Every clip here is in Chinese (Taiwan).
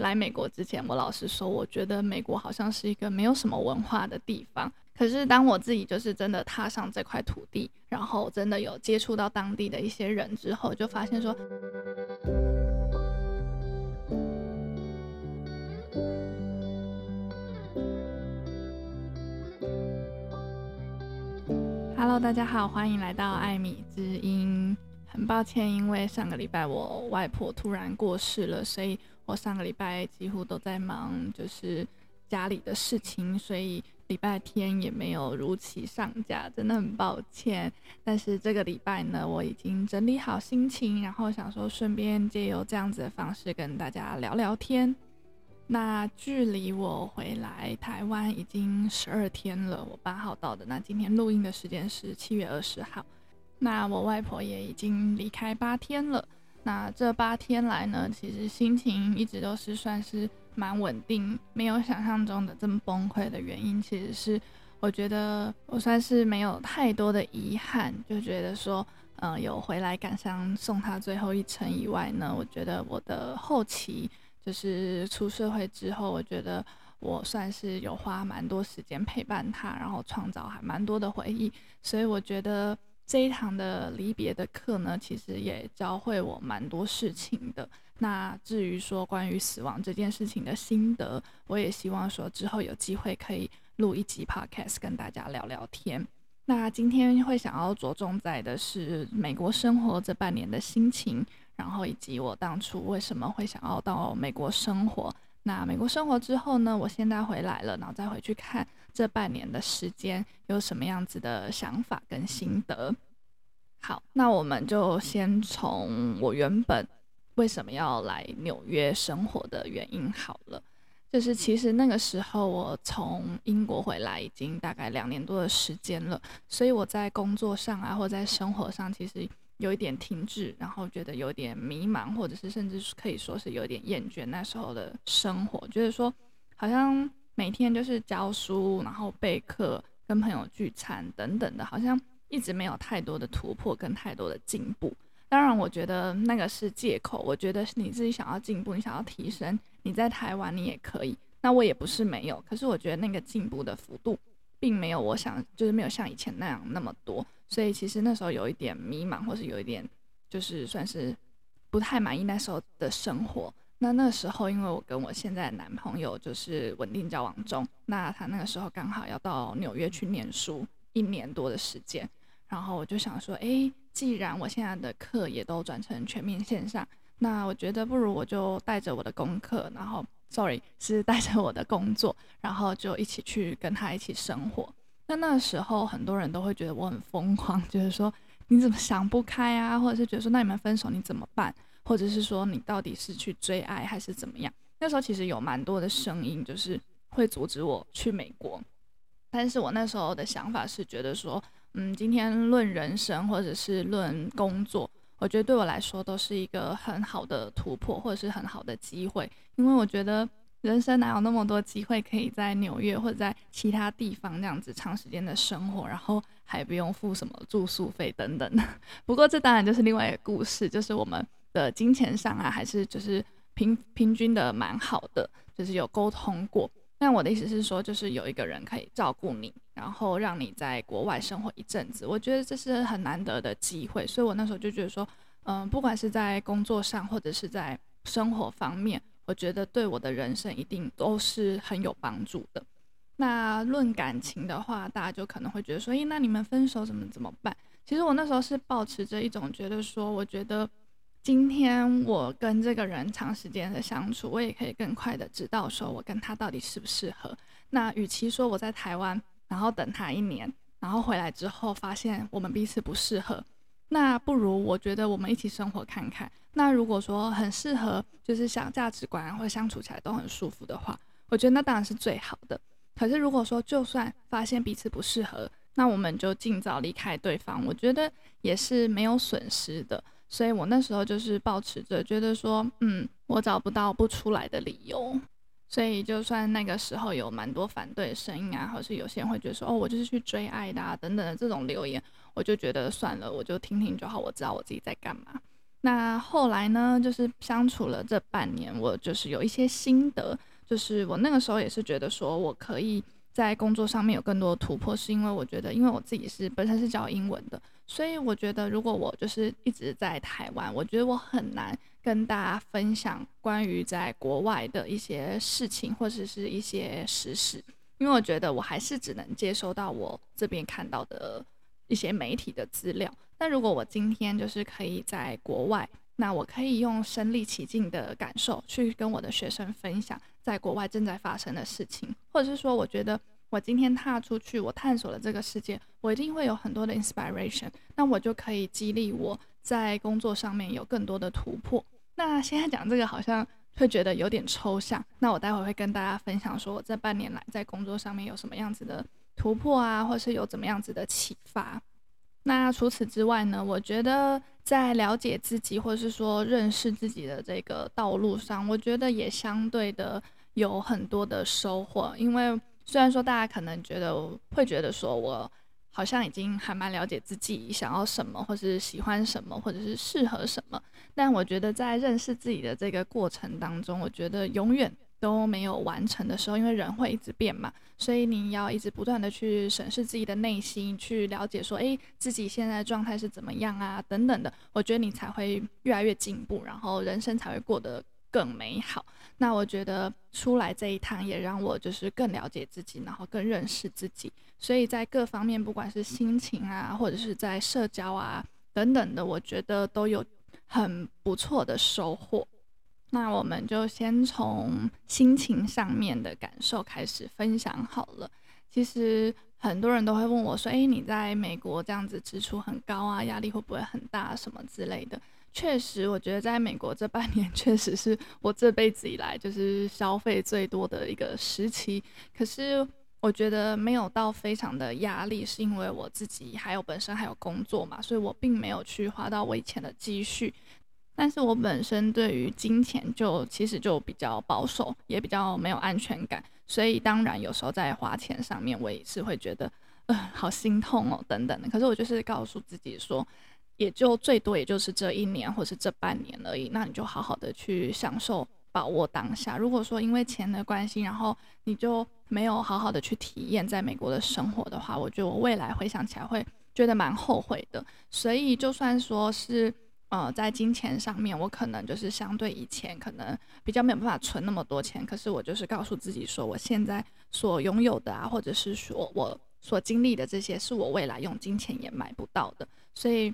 來美國之前，我老實說，我覺得美國好像是一個沒有什麼文化的地方。可是，當我自己就是真的踏上這塊土地，然後真的有接觸到當地的一些人之後，就發現說 ：“Hello，大家好，歡迎來到艾米之音。很抱歉，因為上個禮拜我外婆突然過世了，所以。”我上個禮拜幾乎都在忙，就是家裡的事情，所以禮拜天也沒有如期上架，真的很抱歉。但是這個禮拜呢，我已經整理好心情，然後想說順便借由這樣子的方式跟大家聊聊天。那距離我回來台灣已經十二天了，我八號到的。那今天錄音的時間是七月二十號，那我外婆也已經離開八天了。那這八天來呢，其實心情一直都是算是蠻穩定，沒有想象中的這麼崩潰的原因其實是，我覺得我算是沒有太多的遺憾，就覺得說，嗯、呃，有回來趕上送他最後一程以外呢，我覺得我的後期就是出社會之後，我覺得我算是有花蠻多時間陪伴他，然後創造還蠻多的回憶，所以我覺得。這一堂的離別的課呢，其實也教會我蠻多事情的。那至於說關於死亡這件事情的心得，我也希望說之後有機會可以錄一集 podcast 跟大家聊聊天。那今天會想要着重在的是美國生活這半年的心情，然後以及我當初為什麼會想要到美國生活。那美國生活之後呢，我現在回來了，然後再回去看。這半年的時間有什麼樣子的想法跟心得？好，那我們就先從我原本為什麼要來紐約生活的原因好了。就是其實那個時候我從英國回來已經大概兩年多的時間了，所以我在工作上啊，或在生活上，其實有一點停滯，然後覺得有點迷茫，或者是甚至可以說是有點厭倦那時候的生活，覺得說好像。每天就是教書，然後備課，跟朋友聚餐等等的，好像一直沒有太多的突破跟太多的進步。當然，我覺得那個是借口，我覺得是你自己想要進步，你想要提升。你在台灣，你也可以。那我也不是沒有，可是我覺得那個進步的幅度，並沒有我想，就是沒有像以前那樣那麼多。所以其實那時候有一點迷茫，或是有一點就是算是不太滿意那時候的生活。那那時候，因為我跟我現在的男朋友就是穩定交往中，那他那個時候剛好要到紐約去念書一年多的時間，然後我就想說，欸，既然我現在的課也都轉成全面線上，那我覺得不如我就帶着我的功課，然後，sorry，是帶着我的工作，然後就一起去跟他一起生活。那那時候很多人都會覺得我很瘋狂，就是說你怎麼想不開啊，或者是覺得說那你們分手你怎麼辦？或者是說你到底是去追愛還是怎麼樣？那時候其實有蠻多的聲音，就是會阻止我去美國。但是我那時候的想法是覺得說，嗯，今天論人生或者是論工作，我覺得對我來說都是一個很好的突破或者是很好的機會。因為我覺得人生哪有那麼多機會可以在紐約或者在其他地方這樣子長時間的生活，然後還不用付什麼住宿費等等。 不過這當然就是另外一個故事，就是我們。的金錢上啊，還是就是平平均的蠻好的，就是有溝通過。那我的意思是說，就是有一個人可以照顧你，然後讓你在國外生活一陣子，我覺得這是很難得的機會。所以我那時候就覺得說，嗯，不管是在工作上，或者是在生活方面，我覺得對我的人生一定都是很有幫助的。那論感情的話，大家就可能會覺得說，誒、欸，那你們分手怎麼怎麼辦？其實我那時候是抱持着一種覺得說，我覺得。今天我跟這個人長時間的相處，我也可以更快的知道，說我跟他到底適不適合。那與其說我在台灣，然後等他一年，然後回來之後發現我們彼此不適合，那不如我覺得我們一起生活看看。那如果說很適合，就是想價值觀或相處起來都很舒服的話，我覺得那當然是最好的。可是如果說就算發現彼此不適合，那我們就儘早離開對方，我覺得也是沒有損失的。所以我那時候就是抱持著覺得說，嗯，我找不到不出來的理由，所以就算那個時候有蠻多反對聲音啊，或是有些人會覺得說，哦，我就是去追愛的啊，等等的這種留言，我就覺得算了，我就聽聽就好，我知道我自己在幹嘛。那後來呢，就是相處了這半年，我就是有一些心得，就是我那個時候也是覺得說我可以在工作上面有更多的突破，是因為我覺得，因為我自己是本身是教英文的。所以我覺得，如果我就是一直在台灣，我覺得我很難跟大家分享關於在國外的一些事情，或者是一些時事，因為我覺得我還是只能接收到我這邊看到的一些媒體的資料。但如果我今天就是可以在國外，那我可以用身臨其境的感受去跟我的學生分享在國外正在發生的事情，或者是說，我覺得。我今天踏出去，我探索了這個世界，我一定會有很多的 inspiration，那我就可以激勵我在工作上面有更多的突破。那現在講這個好像會覺得有點抽象，那我待會兒會跟大家分享說，我這半年來在工作上面有什麼樣子的突破啊，或是有怎麼樣子的啟發。那除此之外呢，我覺得在了解自己或是說認識自己的這個道路上，我覺得也相對的有很多的收穫，因為。雖然說大家可能覺得會覺得說，我好像已經還蠻了解自己想要什麼，或是喜歡什麼，或者是適合什麼，但我覺得在認識自己的這個過程當中，我覺得永遠都沒有完成的時候，因為人會一直變嘛，所以你要一直不斷的去審視自己的內心，去了解說，誒，自己現在狀態是怎麼樣啊，等等的，我覺得你才會越來越進步，然後人生才會過得。更美好。那我覺得出來這一趟也讓我就是更了解自己，然後更認識自己。所以在各方面，不管是心情啊，或者是在社交啊等等的，我覺得都有很不錯的收穫。那我們就先從心情上面的感受開始分享好了。其實很多人都會問我說：“誒、哎，你在美國這樣子支出很高啊，壓力會不會很大什麼之類的？”確實，我覺得在美國這半年確實是我這輩子以來就是消費最多的一個時期。可是我覺得沒有到非常的壓力，是因為我自己還有本身還有工作嘛，所以我並沒有去花到我以前的積蓄。但是我本身對於金錢就其實就比較保守，也比較沒有安全感，所以當然有時候在花錢上面，我也是會覺得，呃，好心痛哦，等等的。可是我就是告訴自己說。也就最多也就是這一年或是這半年而已，那你就好好的去享受，把握當下。如果說因為錢的關係，然後你就沒有好好的去體驗在美國的生活的話，我覺得我未來回想起來會覺得蠻後悔的。所以，就算說是呃，在金錢上面，我可能就是相對以前可能比較沒有辦法存那麼多錢，可是我就是告訴自己說，我現在所擁有的啊，或者是說我所經歷的這些，是我未來用金錢也買不到的。所以。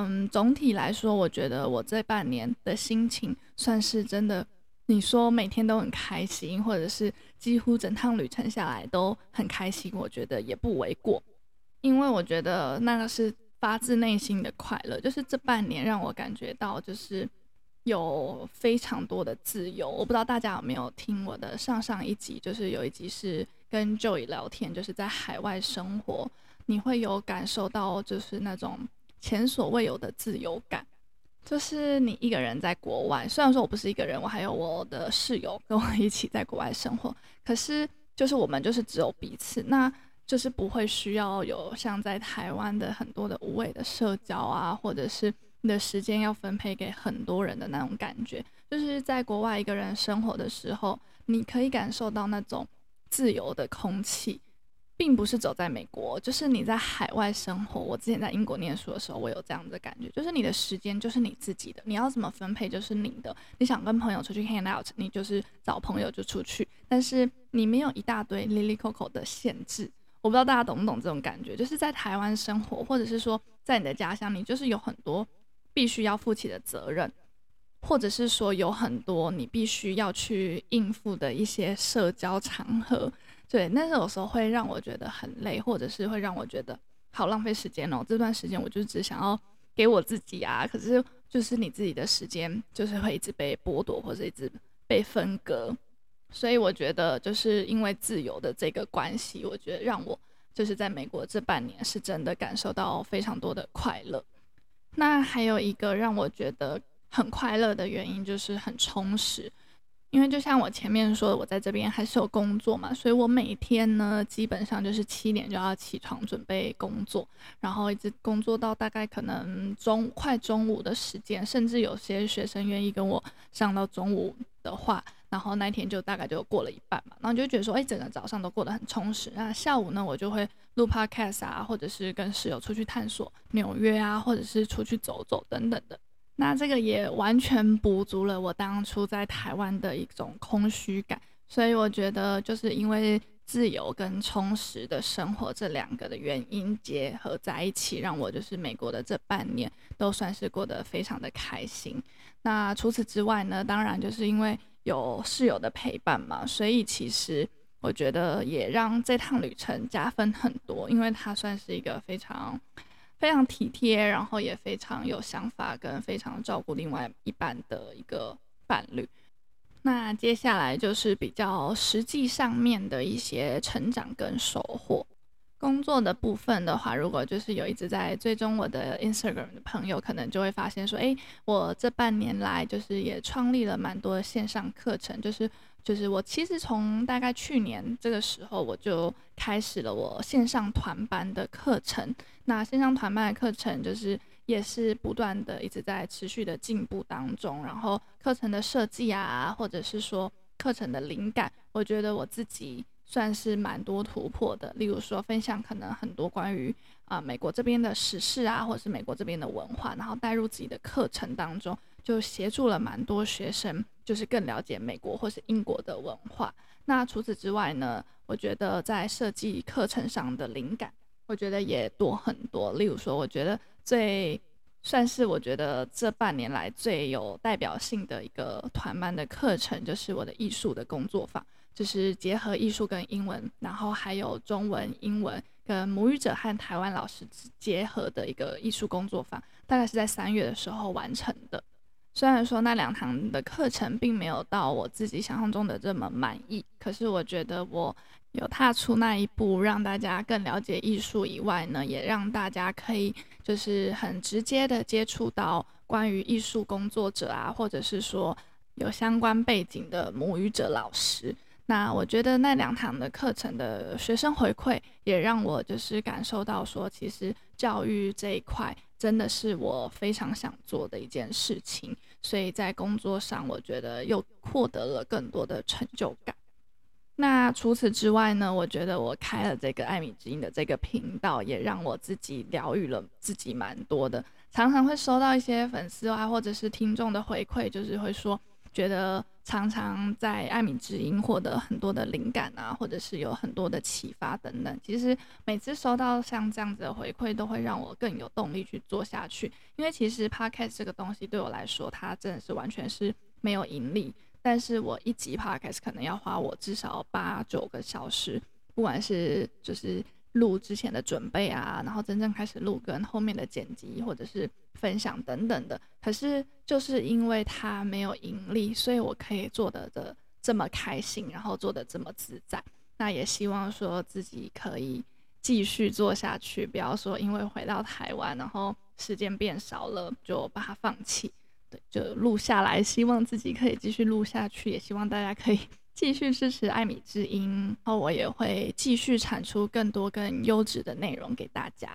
嗯，總體來說，我覺得我這半年的心情算是真的。你說每天都很開心，或者是幾乎整趟旅程下來都很開心，我覺得也不為過。因為我覺得那個是發自內心的快樂，就是這半年讓我感覺到就是有非常多的自由。我不知道大家有沒有聽我的上上一集，就是有一集是跟 Joey 聊天，就是在海外生活，你會有感受到就是那種。前所未有的自由感，就是你一個人在國外。雖然說我不是一個人，我還有我的室友跟我一起在國外生活，可是就是我們就是只有彼此，那就是不會需要有像在台灣的很多的無謂的社交啊，或者是你的時間要分配給很多人的那種感覺。就是在國外一個人生活的時候，你可以感受到那種自由的空氣。並不是走在美國，就是你在海外生活。我之前在英國念書的時候，我有這樣子的感覺，就是你的時間就是你自己的，你要怎麼分配就是你的。你想跟朋友出去 hang out，你就是找朋友就出去，但是你沒有一大堆哩哩叩叩的限制。我不知道大家懂不懂這種感覺，就是在台灣生活，或者是說在你的家鄉，你就是有很多必須要負起的責任，或者是說有很多你必須要去應付的一些社交場合。對，但是有時候會讓我覺得很累，或者是會讓我覺得好浪費時間哦。這段時間我就只想要給我自己啊，可是就是你自己的時間就是會一直被剝奪，或者一直被分割。所以我覺得就是因為自由的這個關係，我覺得讓我就是在美國這半年是真的感受到非常多的快樂。那還有一個讓我覺得很快樂的原因就是很充實。因為就像我前面說的，我在這邊還是有工作嘛，所以我每天呢基本上就是七點就要起床準備工作，然後一直工作到大概可能中快中午的時間，甚至有些學生願意跟我上到中午的話，然後那天就大概就過了一半嘛，然後就覺得說，哎，整個早上都過得很充實。那下午呢，我就會錄 podcast 啊，或者是跟室友出去探索紐約啊，或者是出去走走等等的。那這個也完全補足了我當初在台灣的一種空虛感，所以我覺得就是因為自由跟充實的生活這兩個的原因結合在一起，讓我就是美國的這半年都算是過得非常的開心。那除此之外呢，當然就是因為有室友的陪伴嘛，所以其實我覺得也讓這趟旅程加分很多，因為它算是一個非常。非常體貼，然後也非常有想法，跟非常照顧另外一半的一個伴侶。那接下來就是比較實際上面的一些成長跟收穫。工作的部分的話，如果就是有一直在追蹤我的 Instagram 的朋友，可能就會發現說，誒，我這半年來就是也創立了蠻多的線上課程，就是。就是我其實從大概去年這個時候，我就開始了我線上團班的課程。那線上團班的課程就是也是不斷的一直在持續的進步當中。然後課程的設計啊，或者是說課程的靈感，我覺得我自己算是蠻多突破的。例如說分享可能很多關於啊、呃、美國這邊的時事啊，或者是美國這邊的文化，然後帶入自己的課程當中。就協助了蠻多學生，就是更了解美國或是英國的文化。那除此之外呢？我覺得在設計課程上的靈感，我覺得也多很多。例如說，我覺得最算是我覺得這半年來最有代表性的一個團班的課程，就是我的藝術的工作坊，就是結合藝術跟英文，然後還有中文、英文跟母語者和台灣老師結合的一個藝術工作坊，大概是在三月的時候完成的。雖然說那兩堂的課程並沒有到我自己想象中的這麼滿意，可是我覺得我有踏出那一步，讓大家更了解藝術以外呢，也讓大家可以就是很直接的接觸到關於藝術工作者啊，或者是說有相關背景的母語者老師。那我覺得那兩堂的課程的學生回饋也讓我就是感受到說，其實教育這一塊真的是我非常想做的一件事情。所以在工作上，我覺得又獲得了更多的成就感。那除此之外呢，我覺得我開了這個艾米之音的這個頻道，也讓我自己療癒了自己蠻多的。常常會收到一些粉絲啊，或者是聽眾的回饋，就是會說，覺得常常在艾米之音獲得很多的靈感啊，或者是有很多的啟發等等。其實每次收到像這樣子的回饋，都會讓我更有動力去做下去。因為其實 podcast 這個東西對我來說，它真的是完全是沒有盈利。但是我一集 podcast 可能要花我至少八九個小時，不管是就是。錄之前的準備啊，然後真正開始錄跟後面的剪輯或者是分享等等的。可是就是因為它沒有盈利，所以我可以做得的這麼開心，然後做得這麼自在。那也希望說自己可以繼續做下去，不要說因為回到台灣，然後時間變少了就把它放棄。對，就錄下來，希望自己可以繼續錄下去，也希望大家可以。 繼續支持艾米之音，然後我也會繼續產出更多更優質的內容給大家。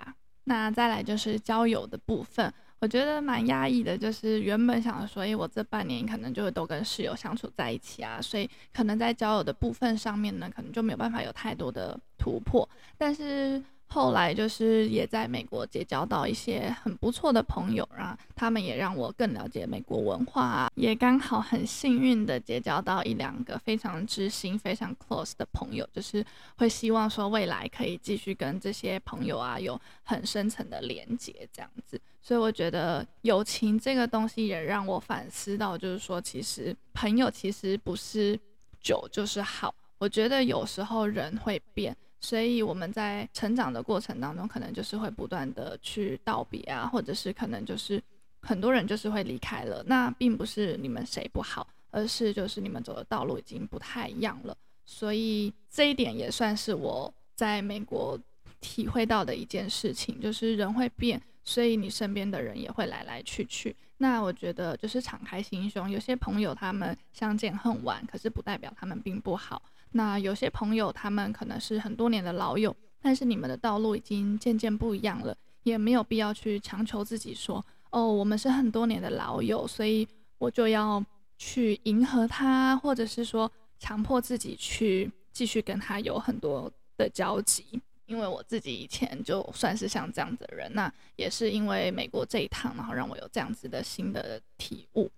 那再來就是交友的部分，我覺得蠻壓抑的。就是原本想說，所以我這半年可能就會都跟室友相處在一起啊，所以可能在交友的部分上面呢，可能就沒有辦法有太多的突破。但是後來就是也在美國結交到一些很不錯的朋友啊，然後他們也讓我更了解美國文化啊，也剛好很幸運的結交到一兩個非常知心、非常 close 的朋友，就是會希望說未來可以繼續跟這些朋友啊有很深層的連接這樣子。所以我覺得友情這個東西也讓我反思到，就是說其實朋友其實不是久就是好，我覺得有時候人會變。所以我們在成長的過程當中，可能就是會不斷的去道別啊，或者是可能就是很多人就是會離開了。那並不是你們誰不好，而是就是你們走的道路已經不太一樣了。所以這一點也算是我在美國體會到的一件事情，就是人會變，所以你身邊的人也會來來去去。那我覺得就是敞開心胸，有些朋友他們相見恨晚，可是不代表他們並不好。那有些朋友，他們可能是很多年的老友，但是你們的道路已經漸漸不一樣了，也沒有必要去強求自己說，哦，我們是很多年的老友，所以我就要去迎合他，或者是說強迫自己去繼續跟他有很多的交集。因為我自己以前就算是像這樣子的人，那也是因為美國這一趟，然後讓我有這樣子的新的體悟。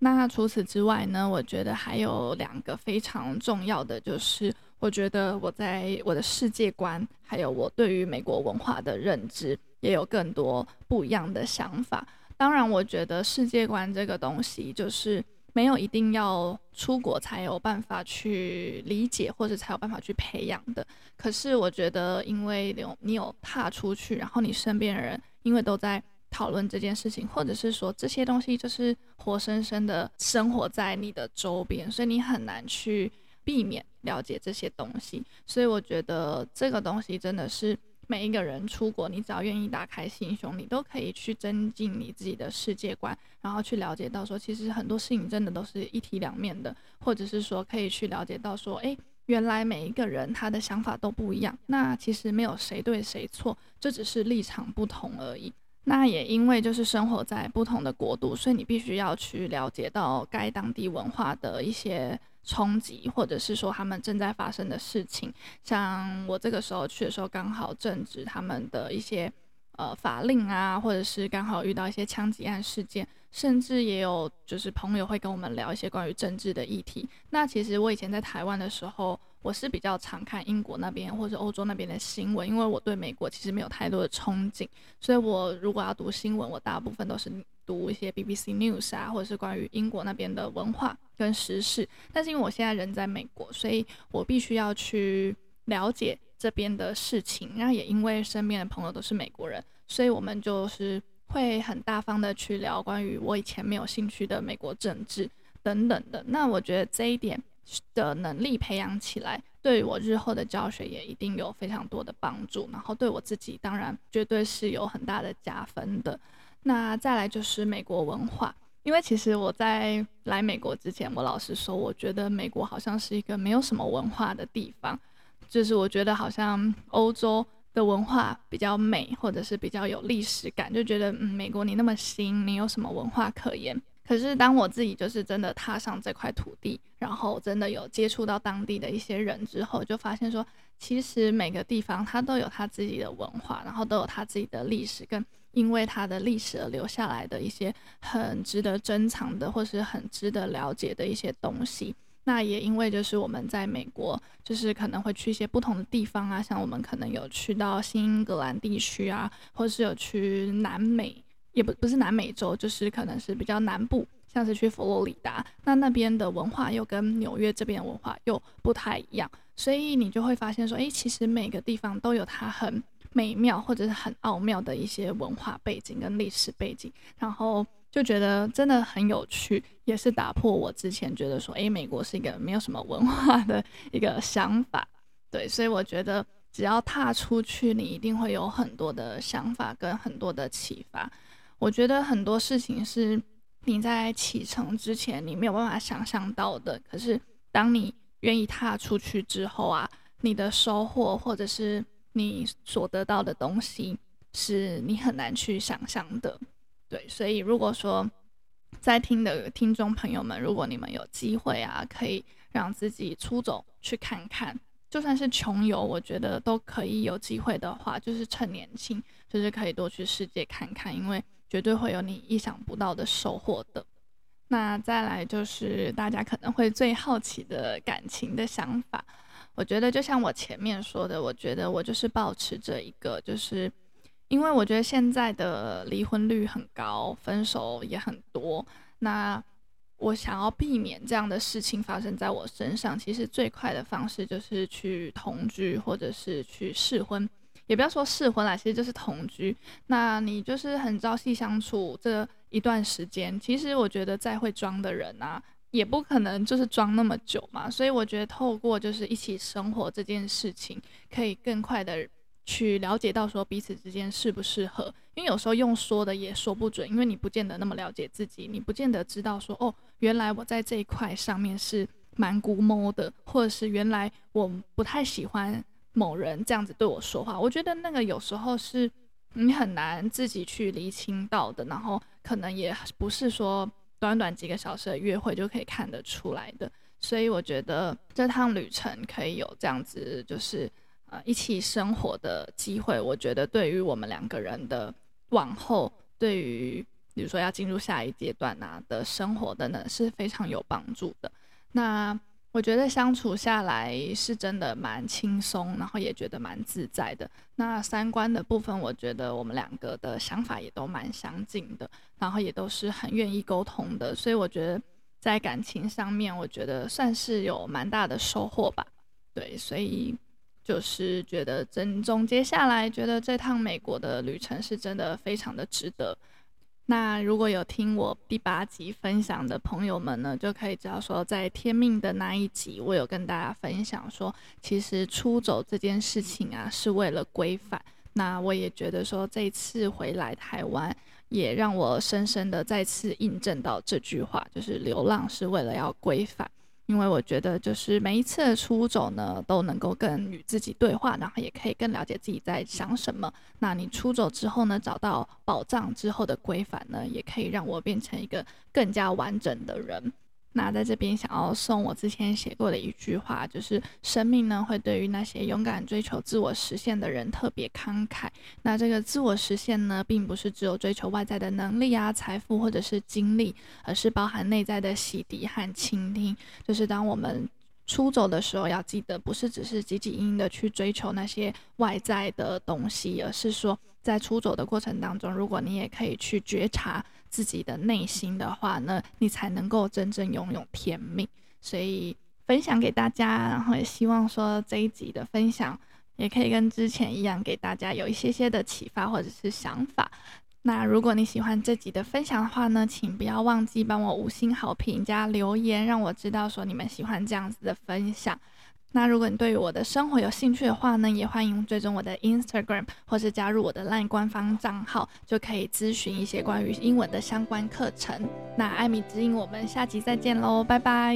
那除此之外呢？我覺得還有兩個非常重要的，就是我覺得我在我的世界觀，還有我對於美國文化的認知，也有更多不一樣的想法。當然，我覺得世界觀這個東西，就是沒有一定要出國才有辦法去理解，或者才有辦法去培養的。可是，我覺得因為你有你有踏出去，然後你身邊的人因為都在。討論這件事情，或者是說這些東西就是活生生的生活在你的周邊，所以你很難去避免了解這些東西。所以我覺得這個東西真的是每一個人出國，你只要願意打開心胸，你都可以去增進你自己的世界觀，然後去了解到說，其實很多事情真的都是一體兩面的，或者是說可以去了解到說，誒，原來每一個人他的想法都不一樣，那其實沒有誰對誰錯，這只是立場不同而已。那也因為就是生活在不同的國度，所以你必須要去了解到該當地文化的一些衝擊，或者是說他們正在發生的事情。像我這個時候去的時候政治，剛好正值他們的一些呃法令啊，或者是剛好遇到一些槍擊案事件，甚至也有就是朋友會跟我們聊一些關於政治的議題。那其實我以前在台灣的時候，我是比較常看英國那邊或者歐洲那邊的新聞，因為我對美國其實沒有太多的憧憬，所以我如果要讀新聞，我大部分都是讀一些 BBC News 啊，或者是關於英國那邊的文化跟時事。但是因為我現在人在美國，所以我必須要去了解這邊的事情。那也因為身邊的朋友都是美國人，所以我們就是會很大方的去聊關於我以前沒有興趣的美國政治等等的。那我覺得這一點的能力培養起來，對我日後的教學也一定有非常多的幫助，然後對我自己當然絕對是有很大的加分的。那再來就是美國文化，因為其實我在來美國之前，我老實說，我覺得美國好像是一個沒有什麼文化的地方，就是我覺得好像歐洲的文化比較美，或者是比較有歷史感，就覺得嗯，美國你那麼新，你有什麼文化可言？可是當我自己就是真的踏上這塊土地，然後真的有接觸到當地的一些人之後，就發現說，其實每個地方它都有它自己的文化，然後都有它自己的歷史，跟因為它的歷史而留下來的一些很值得珍藏的，或是很值得了解的一些東西。那也因為就是我們在美國，就是可能會去一些不同的地方啊，像我們可能有去到新英格蘭地區啊，或是有去南美。也不不是南美洲，就是可能是比較南部，像是去佛羅里達，那那邊的文化又跟紐約這邊文化又不太一樣，所以你就會發現說，欸，其實每個地方都有它很美妙或者是很奧妙的一些文化背景跟歷史背景，然後就覺得真的很有趣，也是打破我之前覺得說，欸，美國是一個沒有什麼文化的一個想法，對，所以我覺得只要踏出去，你一定會有很多的想法跟很多的啟發。我覺得很多事情是你在啟程之前你沒有辦法想象到的，可是當你願意踏出去之後啊，你的收穫或者是你所得到的東西是你很難去想象的。對，所以如果說在聽的聽眾朋友們，如果你們有機會啊，可以讓自己出走去看看，就算是窮遊，我覺得都可以，有機會的話，就是趁年輕，就是可以多去世界看看，因為。絕對會有你意想不到的收穫的。那再來就是大家可能會最好奇的感情的想法。我覺得就像我前面說的，我覺得我就是保持着一個，就是因為我覺得現在的離婚率很高，分手也很多。那我想要避免這樣的事情發生在我身上，其實最快的方式就是去同居或者是去試婚。也不要說試婚啦，其實就是同居。那你就是很朝夕相處這一段時間，其實我覺得再會裝的人吶、啊，也不可能就是裝那麼久嘛。所以我覺得透過就是一起生活這件事情，可以更快的去了解到說彼此之間適不適合。因為有時候用說的也說不準，因為你不見得那麼了解自己，你不見得知道說哦，原來我在這一塊上面是蠻龜毛的，或者是原來我不太喜歡。某人這樣子對我說話，我覺得那個有時候是你很難自己去釐清到的，然後可能也不是說短短幾個小時的約會就可以看得出來的。所以我覺得這趟旅程可以有這樣子，就是呃一起生活的機會，我覺得對於我們兩個人的往後，對於比如說要進入下一階段啊的生活等等是非常有幫助的。那。我覺得相處下來是真的蠻輕鬆，然後也覺得蠻自在的。那三觀的部分，我覺得我們兩個的想法也都蠻相近的，然後也都是很願意溝通的，所以我覺得在感情上面，我覺得算是有蠻大的收穫吧。對，所以就是覺得真總結下來，覺得這趟美國的旅程是真的非常的值得。那如果有聽我第八集分享的朋友們呢，就可以知道說，在天命的那一集，我有跟大家分享說，其實出走這件事情啊，是為了歸返，那我也覺得說，這次回來台灣，也讓我深深的再次印證到這句話，就是流浪是為了要歸返。因為我覺得，就是每一次出走呢，都能夠跟與自己對話，然後也可以更了解自己在想什麼。那你出走之後呢，找到寶藏之後的歸返呢，也可以讓我變成一個更加完整的人。那在這邊想要送我之前寫過的一句話，就是生命呢會對於那些勇敢追求自我實現的人特別慷慨。那這個自我實現呢，並不是只有追求外在的能力啊、財富或者是經歷，而是包含內在的洗滌和傾聽。就是當我們出走的時候，要記得不是只是汲汲營營的去追求那些外在的東西，而是說在出走的過程當中，如果你也可以去覺察。自己的內心的話呢，你才能夠真正擁有甜蜜。所以分享給大家，然後也希望說這一集的分享也可以跟之前一樣，給大家有一些些的啟發或者是想法。那如果你喜歡這集的分享的話呢，請不要忘記幫我五星好評加留言，讓我知道說你們喜歡這樣子的分享。那如果你對於我的生活有興趣的話呢，也歡迎追蹤我的 Instagram 或是加入我的 LINE 官方賬號，就可以諮詢一些關於英文的相關課程。那艾米之音，我們下集再見嘍，拜拜。